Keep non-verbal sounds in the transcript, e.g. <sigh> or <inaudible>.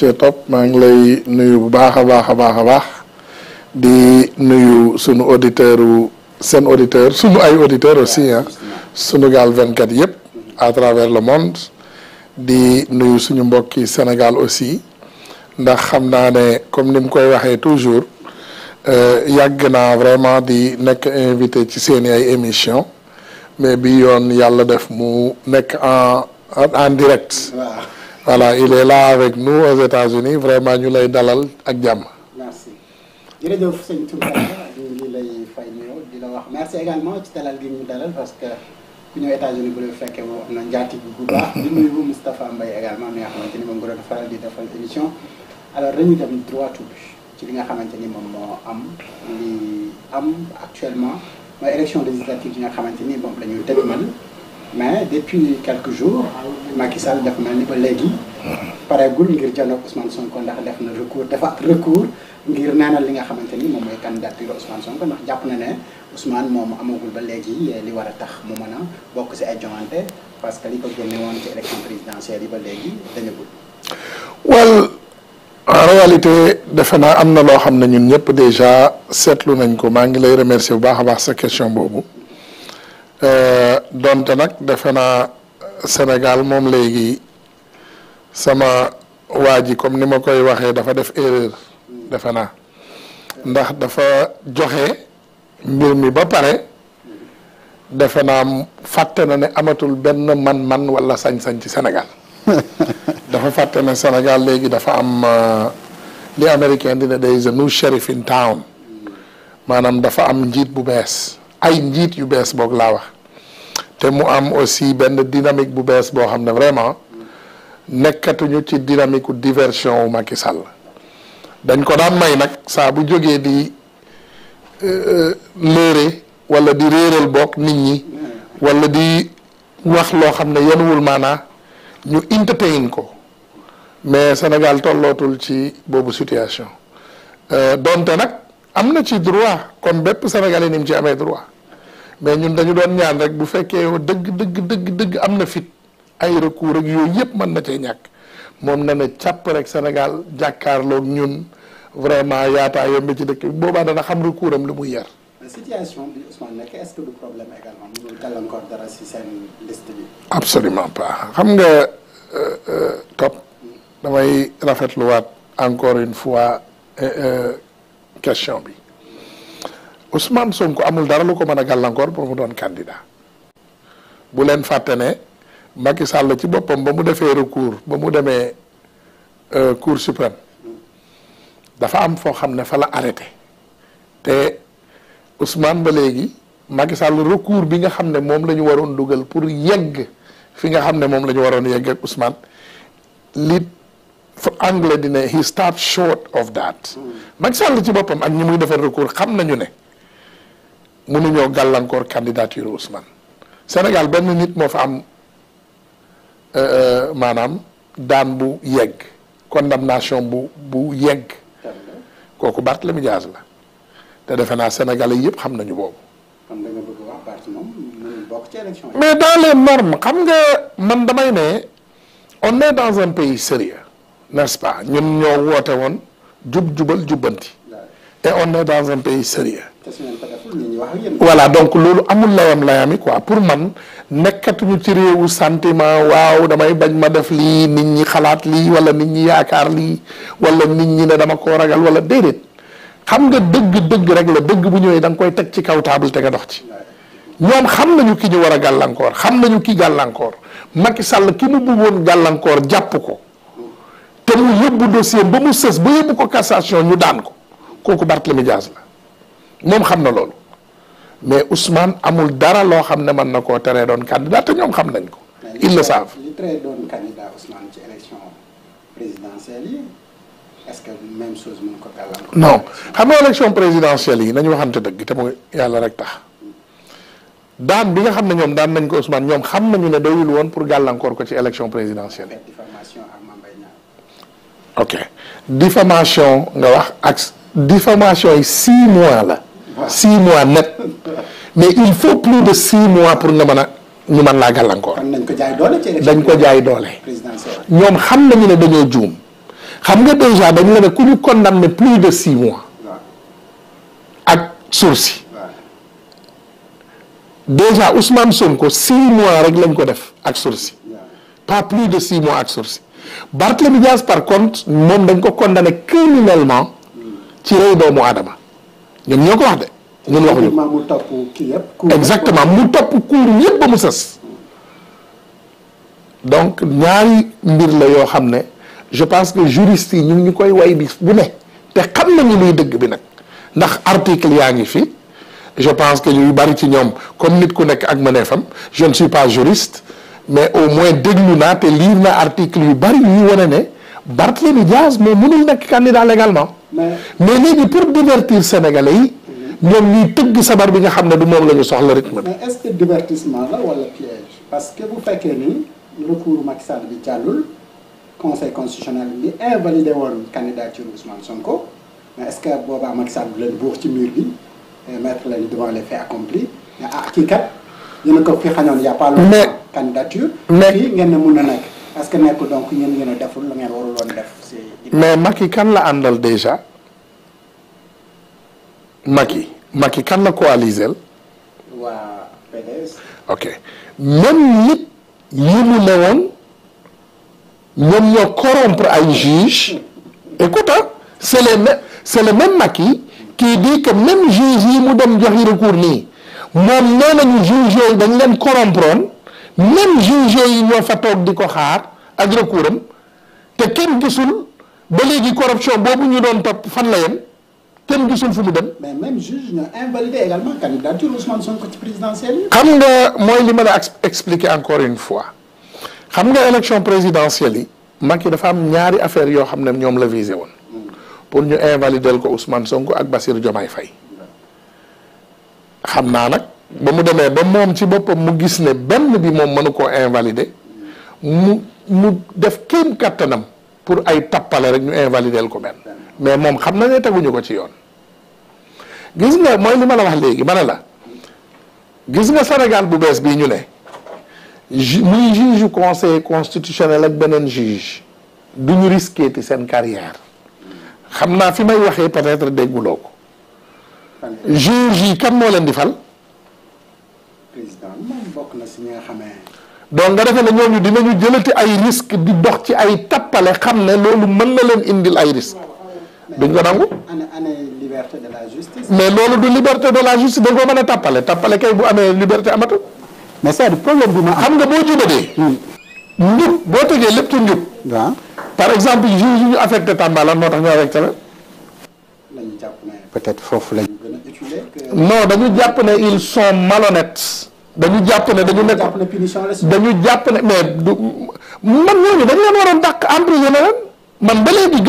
Cheikh Top maa ngi lay nuyu bu baax a baax a baax a baax di nuyu sunu auditeur wu seen auditeur sunu ay auditeur aussi ah Sunugal 24 yëpp à travers le monde di nuyu suñu mbokki Sénégal aussi ndax xam naa ne comme ni koy waxee toujours euh, yàgg naa vraiment di nekk invité ci seeni ay émission mais bi yoon yàlla def mu nekk en en direct. voilà il est là avec nous aux États-Unis vraiment ñu lay dalal ak jàmm. merci jërëjëf sëñ Tounkara ñu ngi lay fay ñëw di la wax merci également ci dalal gi ñu dalal parce que ku ñëw États-Unis bu la fekkee moom na njaatig bu baax. di nuyu Moustapha Mbaye également mi nga ni moom nga doon faral di defal émission alors dañuy dem droit au ci li nga xamante ni moom moo am li am actuellement mooy élection législative yi nga xamante ni moom la ñuy dëgmal. mais depuis quelques jours Macky Sall def mel ni ba léegi pareegul ngir janoog Ousmane Sonko ndax def na recours defaat recours ngir naanal li nga xamante ni moom mooy candidature Ousmane Sonko ndax jàpp na ne Ousmane moom amagul ba léegi li war a tax mu mën a bokk si ay joŋante parce que li ko génne woon ci élection présidentielle yi ba léegi dañagul wal en réalité defe naa am na loo xam ne ñun ñëpp déjà seetlu nañ ko maa ngi lay remercier bu baax a baax sa question boobu Eh, donte nag defe naa eh, Sénégal moom léegi sama waa ji comme ni ma koy waxee dafa def erreur defe naa ndax dafa joxe mbir mi ba pare defe naa fàtte na ne amatul benn man-man wala sañ-sañ ci Sénégal <laughs> dafa fàtte na Sénégal léegi dafa am eh, li américain dina there is a new sheriff town maanaam dafa am njiit bu bees ay njiit yu bees boog laa wax te mu am aussi benn dynamique bu bees boo xam ne vraiment nekkatuñu ci dynamique diversion wu ma Macky Sall dañ ko daan may nag saa bu jógee di euh, euh, léere wala di réeral bokk nit ñi wala di wax loo xam ne yenuwul maanaa ñu entertain ko mais Sénégal tollootul ci boobu situation euh, donte nag am na ci droit kon bépp Sénégalais ni mu ci amee droit mais ñun dañu doon ñaan rek bu fekkee yow dëgg dëgg dëgg dëgg am na fit ay recours ak yooyu yëpp mën na cee ñàkk moom na ne càpp rek Sénégal jàkkaarloog ñun vraiment yaataa yomb ci dëkk bi boobaa dana xam recours am lu muy yar. situation bi Ousmane nekk est-ce que du problème également mu gàllankoor absolument pas xam nga euh, euh, topp damay rafetluwaat encore une fois euh, question bi. Ousmane Sonko amul dara lu ko mën a gàllankoor pour mu doon candidat bu leen fàtte ne Macky la ci boppam ba mu defee recours ba mu demee euh, cour suprême dafa am foo xam ne fa la arrêté te Ousmane ba léegi Macky Sall recours bi nga xam ne moom la ñu waroon dugal pour yegg fi nga xam ne moom la ñu waroon yegg ak Ousmane fu fa anglais dina he start short of that hmm. Macky Sall ci boppam ak ñi muy defar recours xam nañu ne. mënuñoo gàllankoor candidature Ousmane Sénégal benn nit moo fa am euh, euh, maanaam daan bu yegg condamnation bu bu yegg kooku Barthélemy Dias la te defe naa Sénégalais yëpp xam nañu boobu. xam nga mais dans les xam nga man damay ne on est dans un pays sérieux nest pas ñun ñoo woote woon jub jubal jubbanti. et on est dans un pays sérieux voilà donc loolu amul layam layami quoi pour man nekkatuñu ci réewu sentiment waaw damay bañ ma def lii nit ñi xalaat lii wala nit ñi yaakaar lii wala nit ñi ne dama koo ragal wala déedéet xam nga dëgg dëgg rek la dëgg bu ñëwee da nga koy teg ci kaw table te nga dox ci ñoom xam nañu ki ñu war a gàllankoor xam nañu ki gàllankoor Macky Sall ki mu bëggoon gàllankoor jàpp ko te mu yóbbu dossier ba mu sës ba yóbbu ko cassation ñu daan ko kooku Barthélémy Dias la moom xam na loolu mais Ousmane amul dara loo xam ne mën na koo teree doon candidat te ñoom xam nañ ko. ils le savent li teree doon candidat Ousmane ci ce que même chose mën ko gàllankoor. xam nga élection présidentielle yi nañu waxante dëgg te mu yàlla rek tax daan bi nga xam ne ñoom daan nañ ko Ousmane ñoom xam nañu ne doyul woon pour gàllankoor ko ci élection présidentielle yi. ok diffamation nga wax ak diffamation yi six mois la. six mois net mais il faut plus de six mois pour nga mën a ñu mën laa gàllankoor. dañ ko jaay dañ ko jaay doole. ñoom xam nañu ne dañoo juum xam nga déjà dañ la ne ku ñu condamné plus de six mois. ak sursis. déjà Ousmane Sonko six mois rek lañ ko def ak sursis. pas plus de six mois ak sursis. Barthélémy Dias par contre moom dañ ko condamné criminellement hmm. ci rey doomu Adama. ñoom ñoo ko wax de. ñun waxuñu ko kii yëpp. exactement mu topp kuur yëpp ba mu sës. donc ñaari mbir la yoo xam ne je pense que juriste yi ñu ngi ñu koy way bi bu ne te xam nañu luy dëgg bi nag ndax article yaa ngi fi je pense que ñuy bari ci ñoom comme nit ku nekk ak mëneefam je ne suis pas juriste mais au moins déglu naa te lire na article yu bari yuy wane ne Barthélémy Diaz mais mënul nekk candidat légalement mais léegi pour divertir sénégalais yi. ñoom ñuy tëgg sabar bi nga xam ne du moom la soxla rythme bi. mais est-ce que divertissement la wala piège parce que bu fekkee ni recours Macky Sall bi jàllul conseil constitutionnel bi invalidé woon candidature Ousmane Sonko mais est-ce que boobaa Macky Sall du leen buux ci mur bi mettre leen devant les faits mais ah kii kat yéen a ko fi xañoon y a pas longtemps candidature. mais ngeen ne mun na nekk. est que nekkul donc ñun ñu ne deful lu ngeen warul woon mais Macky kan la àndal déjà Macky Macky kan la coaliser. waa PDS. ok même nit ñi mu ne woon ñoom ñoo corrompre ay juge écoute ah c'est le même c'est le même Macky qui dit yi mu dem joxi recours nii moom nee nañu juge yooyu dañ leen corrompre même juge yooyu ñoo fa toog di ko xaar ak recours am te kenn gisul ba léegi corruption boobu ñu doon topp fan la yem kenn gisul fu mu dem. xam nga mooy li ma la expliquer encore une fois xam nga élection présidentielle yi Macky dafa am ñaari affaire yoo xam ne ñoom la visé woon pour ñu invalider ko Ousmane Sonko ak Bassirou Diomaye fay xam naa nag. ba mu demee ba moom ci boppam mu gis ne benn bi moom mënu koo invalider mu mu def kenn kattanam pour ay tappale rek ñu invalider ko benn mais moom xam na ne teguñu ko ci yoon gis nga mooy li ma la wax léegi ma ne la gis nga Sénégal bu bees bii ñu ne muy juge conseil constitutionnel ak beneen juge du ñu risqué ti seen carrière xam naa fi may waxee peut-être dégguloo ko juge yi kan moo leen di fal bokk na si ñi nga xamee. donc nga defee ne ñooñu jëlati ay risque di dox ci ay tappale xam ne loolu mën na leen indil ay risque duñ ko nangu. liberté de la justice. mais loolu du liberté de la justice dañ ko mën a tappale tappale kay bu amee liberté amatu. mais c'est problème bi ma xam nga boo jubadee. Hmm. njub boo tegee lépp ci njub. waaw ah. par exemple juge ñu affecté Tamba lan moo tax ñu affecté la. lañu a dañu jàpp ne ils sont malhonnêtes. dañu jàpp ne dañu nekk dañu jàpp ne mais du man ñooñu dañ leen waroon dàq emprisonné leen man ba léegi